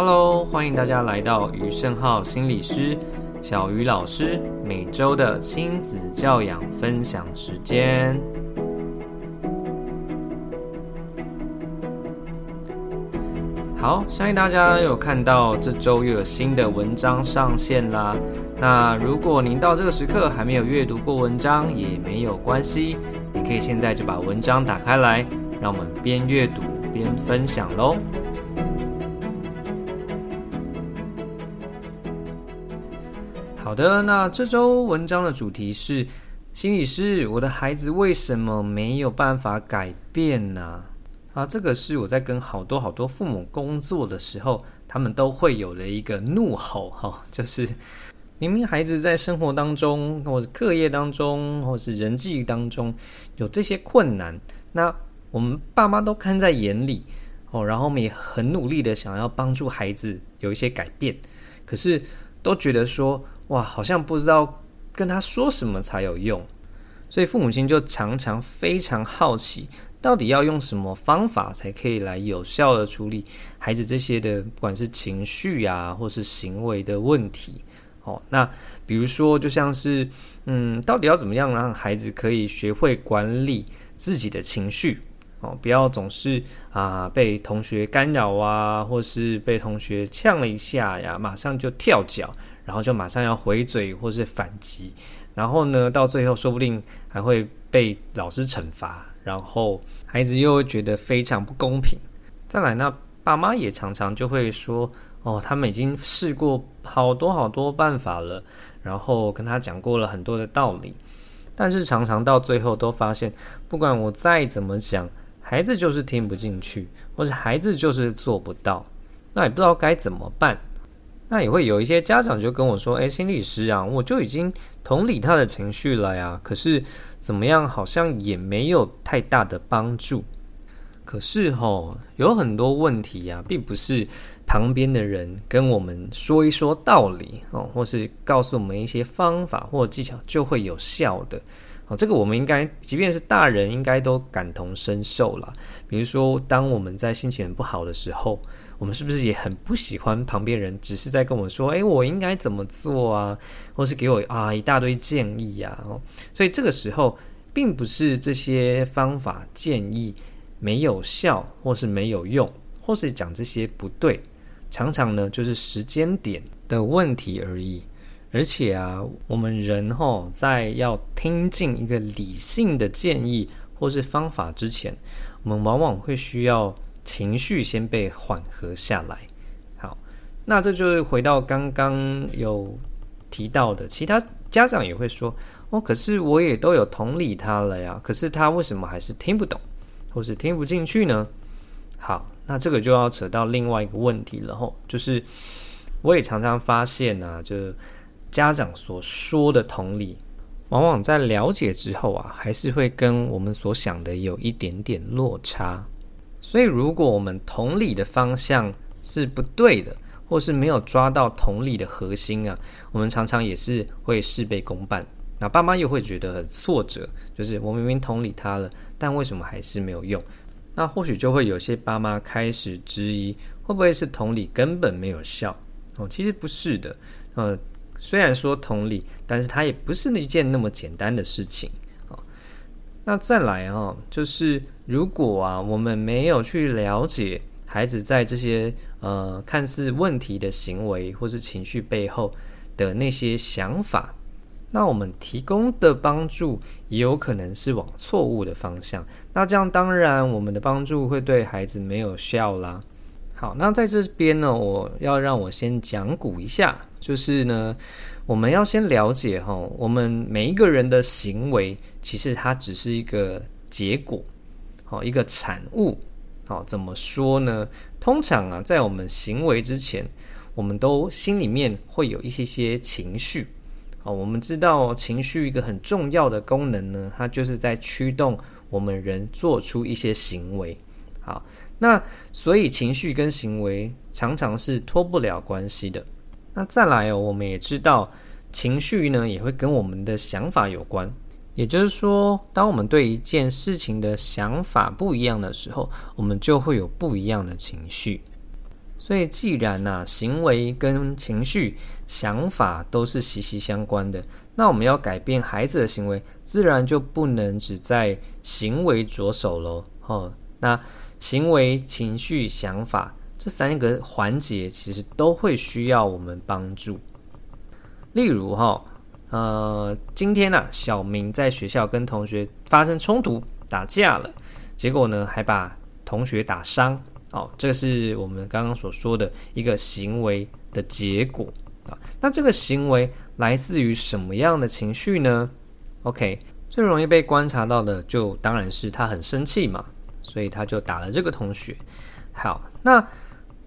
Hello，歡迎大家來到余勝皓心理師小魚老師每周的親子教養分享時間。好，相信大家有看到這週又有新的文章上線啦。那如果您到這個時刻還沒有閱讀過文章，也沒有關係，你可以現在就把文章打開來，讓我們邊閱讀邊分享嘍。好的，那這週文章的主題是心理師，我的孩子為什麼沒有辦法改變呢、啊？啊，這個是我在跟好多好多父母工作的時候，他們都會有的一個怒吼哈、哦，就是明明孩子在生活當中，或是課業當中，或是人際當中有這些困難，那我們爸媽都看在眼裡哦，然後我們也很努力地想要幫助孩子有一些改變，可是都覺得說。哇，好像不知道跟他說什麼才有用，所以父母親就常常非常好奇，到底要用什麼方法才可以來有效的處理孩子這些的，不管是情緒呀、啊，或是行為的問題。哦，那比如說，就像是，嗯，到底要怎麼樣讓孩子可以學會管理自己的情緒？哦，不要總是啊、呃、被同學干擾啊，或是被同學嗆了一下呀、啊，馬上就跳腳。然後就馬上要回嘴或是反擊，然後呢，到最後說不定還會被老師懲罰，然後孩子又會覺得非常不公平。再來呢，那爸媽也常常就會說：“哦，他們已經試過好多好多辦法了，然後跟他講過了很多的道理，但是常常到最後都發現，不管我再怎麼講，孩子就是聽不進去，或者孩子就是做不到，那也不知道該怎麼辦。”那也會有一些家長就跟我說：“誒，心理師啊，我就已經同理他的情緒了呀，可是怎麼樣，好像也沒有太大的幫助。可是齁、哦，有很多問題啊，並不是旁邊的人跟我們說一說道理哦，或是告訴我們一些方法或技巧就會有效的。好、哦，這個我們應該，即便是大人應該都感同身受了。比如說，當我們在心情不好的時候。”我們是不是也很不喜歡旁邊人只是在跟我說：“欸，我應該怎麼做啊？”或是給我啊一大堆建議呀？所以這個時候，並不是這些方法建議沒有效，或是沒有用，或是講這些不對，常常呢就是時間點的問題而已。而且啊，我們人吼，在要聽進一個理性的建議或是方法之前，我們往往會需要。情緒先被緩和下來。好，那這就是回到剛剛有提到的，其他家長也會說：“哦，可是我也都有同理他了呀，可是他為什麼還是聽不懂，或是聽不進去呢？”好，那這個就要扯到另外一個問題了哦。吼，就是我也常常發現啊，就家長所說的同理，往往在了解之後啊，還是會跟我們所想的有一點點落差。所以，如果我們同理的方向是不對的，或是沒有抓到同理的核心啊，我們常常也是會事倍功半。那爸媽又會覺得很挫折，就是我明明同理他了，但為什麼還是沒有用？那或許就會有些爸媽開始質疑，會不會是同理根本沒有效？哦，其實不是的。呃，雖然說同理，但是它也不是一件那麼簡單的事情。那再來啊、哦，就是如果啊，我們沒有去了解孩子在這些呃看似問題的行為或是情緒背後的那些想法，那我們提供的幫助也有可能是往錯誤的方向。那這樣當然，我們的幫助會對孩子沒有效啦。好，那在這邊呢，我要讓我先講古一下，就是呢。我們要先了解哈、哦，我們每一個人的行為其實它只是一個結果，好一個產物，好、哦、怎麼說呢？通常啊，在我們行為之前，我們都心裡面會有一些些情緒，好、哦，我們知道情緒一個很重要的功能呢，它就是在驅動我們人做出一些行為，好，那所以情緒跟行為常常是脫不了關係的。那再來哦，我們也知道情，情緒呢也會跟我們的想法有關。也就是說，當我們對一件事情的想法不一樣的時候，我們就會有不一樣的情緒。所以，既然吶、啊，行為跟情緒、想法都是息息相關的，那我們要改變孩子的行為，自然就不能只在行為着手嘍。哦，那行為、情緒、想法。這三個環節其實都會需要我們幫助。例如哈、哦，呃，今天呢、啊，小明在學校跟同學發生衝突，打架了，結果呢還把同學打傷。哦，這是我們剛剛所說的一個行為的結果啊。那這個行為來自於什麼樣的情緒呢？OK，最容易被觀察到的就當然是他很生氣嘛，所以他就打了這個同學。好，那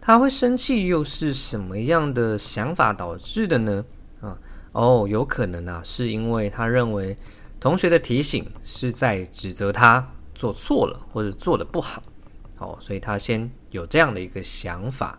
他會生氣，又是什麼樣的想法導致的呢？啊，哦，有可能啊，是因為他認為同學的提醒是在指責他做錯了或者做得不好，哦，所以他先有這樣的一個想法。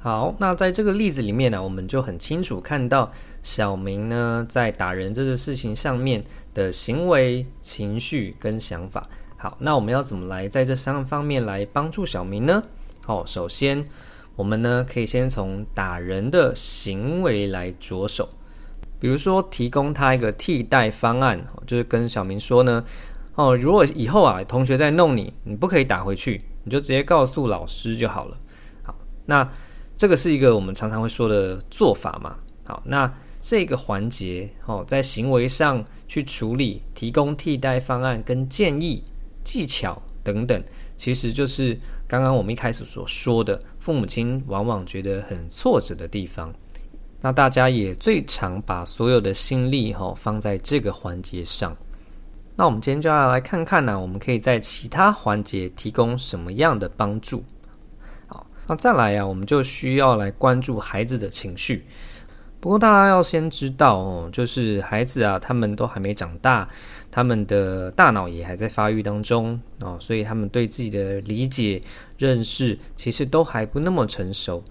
好，那在這個例子裡面呢，啊，我們就很清楚看到小明呢在打人這件事情上面的行為、情緒跟想法。好，那我們要怎麼來在這三個方面來幫助小明呢？好，首先我們呢可以先從打人的行為來着手，比如說提供他一個替代方案，就是跟小明說呢，哦，如果以後啊同學再弄你，你不可以打回去，你就直接告訴老師就好了。好，那這個是一個我們常常會說的做法嘛。好，那這個環節哦，在行為上去處理，提供替代方案跟建議技巧等等，其實就是，剛剛我們一開始所說的，父母親往往覺得很挫折的地方，那大家也最常把所有的心力哈、哦、放在這個環節上。那我們今天就要來看看呢、啊，我們可以在其他環節提供什麼樣的幫助。好，那再來呀、啊，我們就需要來關注孩子的情緒。不過，大家要先知道哦，就是孩子啊，他們都還沒長大，他們的大腦也還在發育當中哦，所以他們對自己的理解、認識，其實都還不那麼成熟，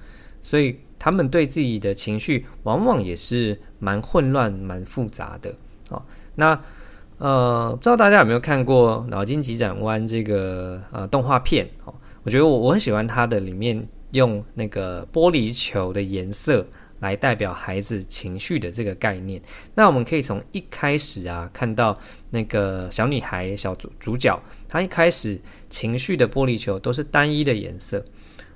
所以他們對自己的情緒，往往也是蠻混亂、蠻複雜的。哦，那呃，不知道大家有沒有看過《腦筋急轉彎》這個呃動畫片？哦，我覺得我我很喜歡它的裡面用那個玻璃球的顏色。來代表孩子情緒的這個概念，那我們可以從一開始啊看到那個小女孩小主主角，她一開始情緒的玻璃球都是單一的顏色，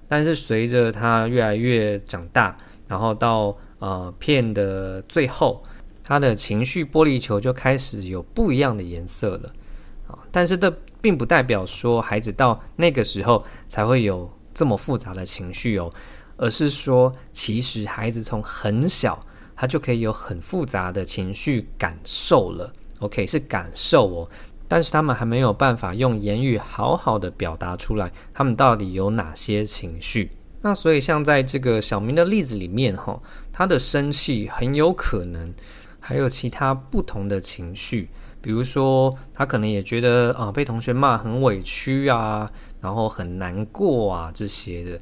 但是隨着她越來越長大，然後到呃片的最後，她的情緒玻璃球就開始有不一樣的顏色了。但是這並不代表說孩子到那個時候才會有這麼複雜的情緒哦。而是說，其實孩子從很小，他就可以有很複雜的情緒感受了。OK，是感受哦，但是他們還沒有辦法用言語好好的表達出來，他們到底有哪些情緒？那所以像在這個小明的例子裡面，哦，哈，他的生氣很有可能還有其他不同的情緒，比如說他可能也覺得啊，被同學罵很委屈啊，然後很難過啊這些的。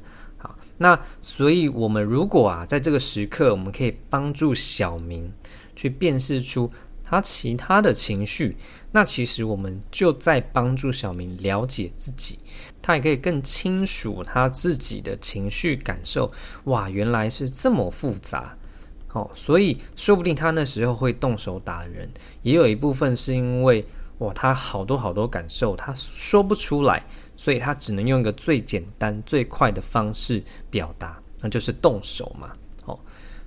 那所以，我們如果啊，在這個時刻，我們可以幫助小明去辨識出他其他的情緒，那其實我們就在幫助小明了解自己，他也可以更清楚他自己的情緒感受。哇，原來是這麼複雜，哦！所以說不定他那時候會動手打人，也有一部分是因為，哇，他好多好多感受，他說不出來。所以他只能用一個最簡單、最快的方式表達，那就是動手嘛。哦，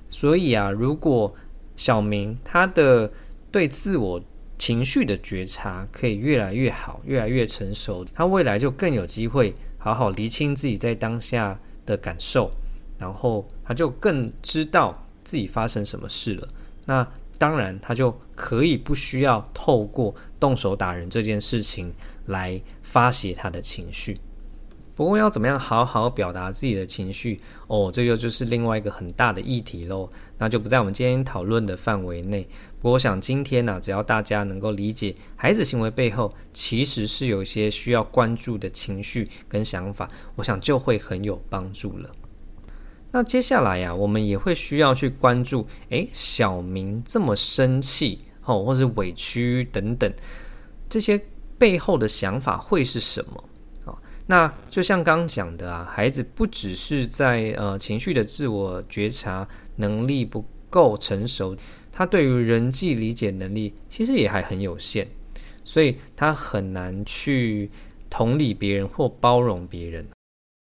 所以啊，如果小明他的對自我情緒的覺察可以越來越好、越來越成熟，他未來就更有機會好好釐清自己在當下的感受，然後他就更知道自己發生什麼事了。那當然，他就可以不需要透過動手打人這件事情。來發洩他的情緒，不過要怎麼樣好好表達自己的情緒？哦，這個就是另外一個很大的議題嘍。那就不在我們今天討論的範圍內。不過，我想今天呢、啊，只要大家能夠理解孩子行為背後其實是有一些需要關注的情緒跟想法，我想就會很有幫助了。那接下來呀、啊，我們也會需要去關注，誒，小明這麼生氣哦，或者委屈等等這些。背後的想法會是什麼啊？哦，那就像剛剛講的啊，孩子不只是在呃情緒的自我覺察能力不夠成熟，他對於人際理解能力其實也還很有限，所以他很難去同理別人或包容別人，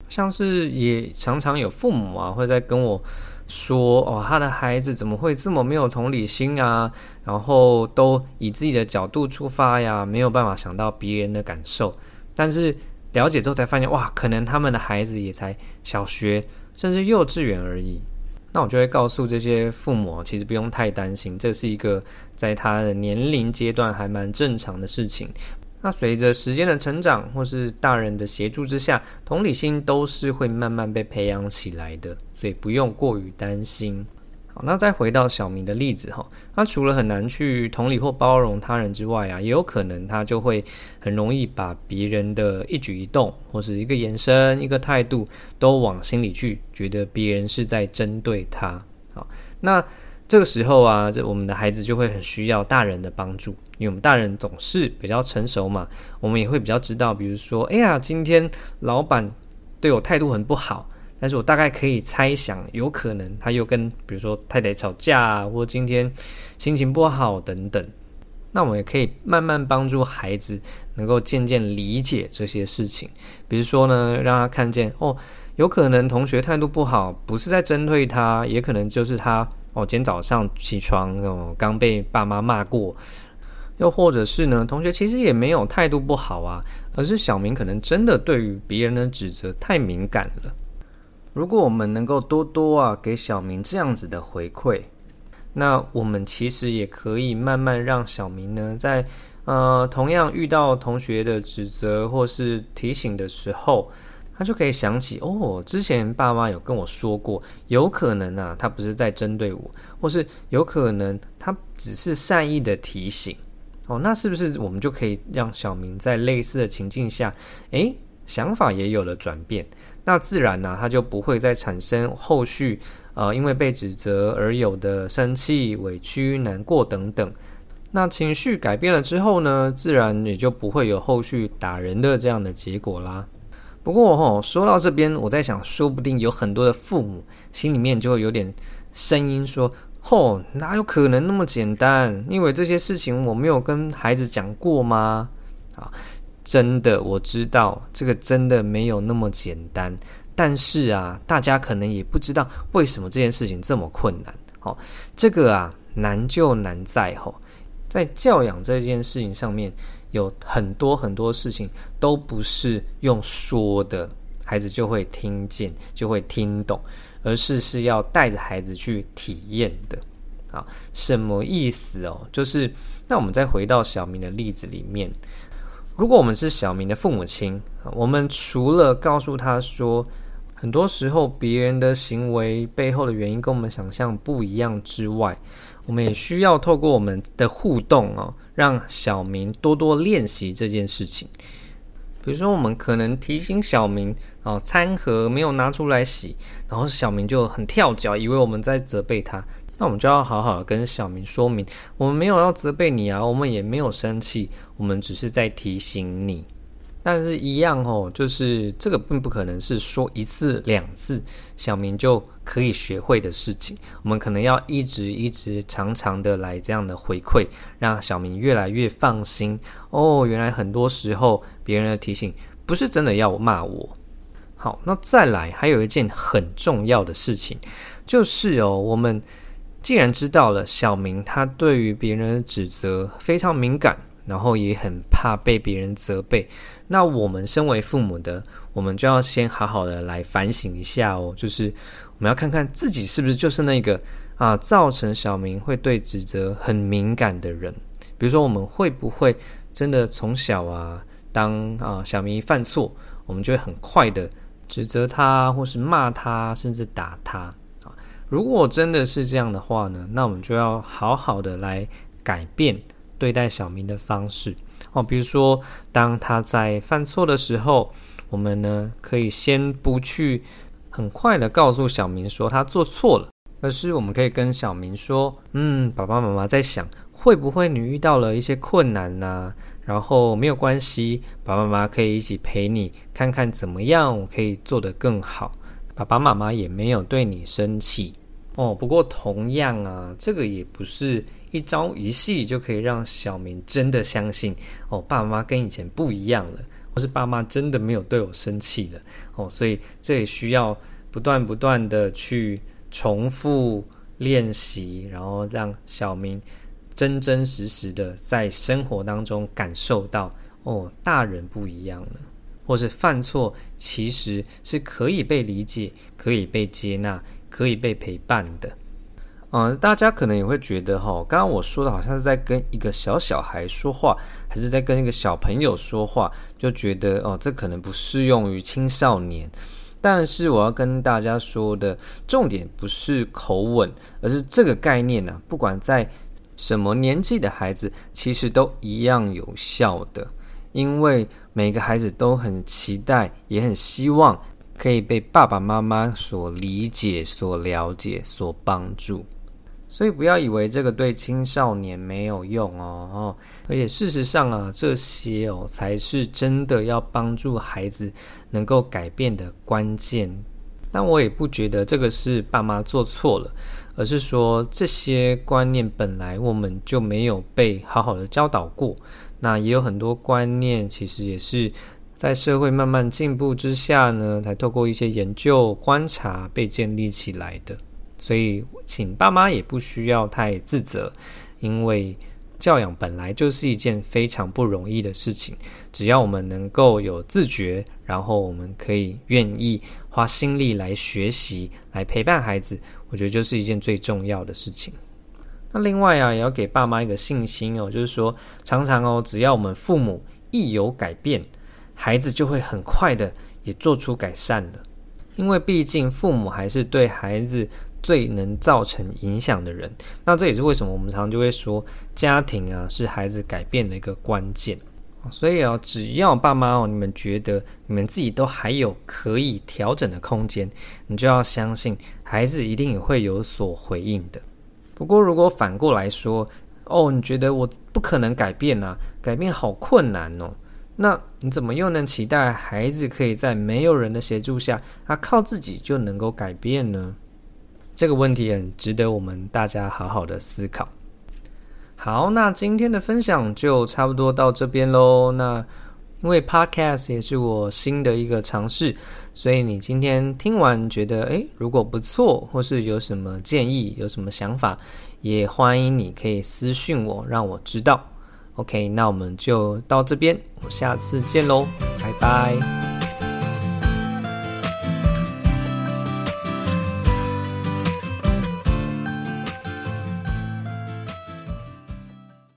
像是也常常有父母啊會在跟我說哦，他的孩子怎麼會這麼沒有同理心啊？然後都以自己的角度出發呀，沒有辦法想到別人的感受。但是了解之後才發現，哇，可能他們的孩子也才小學，甚至幼稚園而已。那我就會告訴這些父母，其實不用太擔心，這是一個在他的年齡階段還蠻正常的事情。那隨着時間的成長，或是大人的協助之下，同理心都是會慢慢被培養起來的，所以不用過於擔心。好，那再回到小明的例子哈，他除了很難去同理或包容他人之外啊，也有可能他就會很容易把別人的一舉一動，或是一個眼神、一個態度都往心裡去，覺得別人是在針對他。好，那。這個時候啊，這我們的孩子就會很需要大人的幫助，因為我們大人總是比較成熟嘛，我們也會比較知道，比如說，哎呀，今天老闆對我態度很不好，但是我大概可以猜想，有可能他又跟比如說太太吵架啊，或今天心情不好等等，那我們也可以慢慢幫助孩子能夠漸漸理解這些事情，比如說呢，讓他看見哦，有可能同學態度不好，不是在針對他，也可能就是他。哦，今天早上起床哦，剛被爸媽罵過，又或者是呢，同學其實也沒有態度不好啊，而是小明可能真的對於別人的指責太敏感了。如果我們能夠多多啊給小明這樣子的回饋，那我們其實也可以慢慢讓小明呢，在呃同樣遇到同學的指責或是提醒的時候。他就可以想起哦，之前爸媽有跟我說過，有可能啊，他不是在針對我，或是有可能他只是善意的提醒哦。那是不是我們就可以讓小明在類似的情境下，哎，想法也有了轉變？那自然呢，他就不會再產生後續呃，因為被指責而有的生氣、委屈、難過等等。那情緒改變了之後呢，自然也就不會有後續打人的這樣的結果啦。不過吼，說到這邊，我在想，說不定有很多的父母心裡面就會有點聲音說：“吼，哪有可能那麼簡單？因為這些事情我沒有跟孩子講過嗎？”啊，真的，我知道這個真的沒有那麼簡單。但是啊，大家可能也不知道為什麼這件事情這麼困難。吼，這個啊，難就難在吼，在教養這件事情上面。有很多很多事情都不是用說的，孩子就會聽見，就會聽懂，而是是要帶着孩子去體驗的。啊，什麼意思哦？就是那我們再回到小明的例子裡面，如果我們是小明的父母親，我們除了告訴他說，很多時候別人的行為背後的原因跟我們想象不一樣之外，我們也需要透過我們的互動啊、哦。讓小明多多練習這件事情。比如說，我們可能提醒小明哦，餐盒沒有拿出來洗，然後小明就很跳腳，以為我們在責備他。那我們就要好好的跟小明說明，我們沒有要責備你啊，我們也沒有生氣，我們只是在提醒你。但是，一樣哦，就是這個並不可能是說一次兩次，小明就。可以學會的事情，我們可能要一直、一直、常常的來這樣的回饋，讓小明越來越放心。哦，原來很多時候別人的提醒不是真的要我罵我。好，那再來，還有一件很重要的事情，就是哦，我們既然知道了小明他對於別人的指責非常敏感。然後也很怕被別人責備，那我們身為父母的，我們就要先好好的來反省一下哦，就是我們要看看自己是不是就是那個啊，造成小明會對指責很敏感的人。比如說，我們會不會真的從小啊，當啊小明犯錯，我們就會很快的指責他，或是罵他，甚至打他啊。如果真的是這樣的話呢，那我們就要好好的來改變。對待小明的方式哦，比如說，當他在犯錯的時候，我們呢可以先不去很快地告訴小明說他做錯了，而是我們可以跟小明說：“嗯，爸爸媽媽在想，會不會你遇到了一些困難呢、啊？然後沒有關係，爸爸媽媽可以一起陪你，看看怎麼樣我可以做得更好。爸爸媽媽也沒有對你生氣。”哦，不過同樣啊，這個也不是一朝一夕就可以讓小明真的相信哦，爸媽跟以前不一樣了，或是爸媽真的沒有對我生氣了。哦，所以這也需要不斷不斷的去重複練習，然後讓小明真真實實的在生活當中感受到哦，大人不一樣了，或是犯錯其實是可以被理解、可以被接納。可以被陪伴的，嗯，大家可能也會覺得哈，剛剛我說的好像是在跟一個小小孩說話，還是在跟一個小朋友說話，就覺得哦，這可能不適用於青少年。但是我要跟大家說的重點不是口吻，而是這個概念呢，不管在什麼年紀的孩子，其實都一樣有效的，因為每個孩子都很期待，也很希望。可以被爸爸媽媽所理解、所了解、所幫助，所以不要以為這個對青少年沒有用哦。而且事實上啊，這些哦才是真的要幫助孩子能夠改變的關鍵。但我也不覺得這個是爸媽做錯了，而是說這些觀念本來我們就沒有被好好的教導過。那也有很多觀念其實也是。在社會慢慢進步之下呢，才透過一些研究觀察被建立起來的。所以，請爸媽也不需要太自責，因為教養本來就是一件非常不容易的事情。只要我們能夠有自覺，然後我們可以願意花心力來學習，來陪伴孩子，我覺得就是一件最重要的事情。那另外啊，也要給爸媽一個信心哦，就是說，常常哦，只要我們父母一有改變。孩子就會很快的也做出改善了，因為畢竟父母還是對孩子最能造成影響的人。那這也是為什麼我們常常就會說，家庭啊是孩子改變的一個關鍵。所以啊，只要爸媽哦，你們覺得你們自己都還有可以調整的空間，你就要相信孩子一定也會有所回應的。不過如果反過來說，哦，你覺得我不可能改變啊，改變好困難哦。那你怎麼又能期待孩子可以在沒有人的協助下，他，靠自己就能夠改變呢？這個問題很值得我們大家好好的思考。好，那今天的分享就差不多到這邊嘍。那因為 Podcast 也是我新的一個嘗試，所以你今天聽完覺得，誒，如果不錯，或是有什麼建議、有什麼想法，也歡迎你可以私訊我，讓我知道。OK，那我們就到這邊，我下次見嘍，拜拜。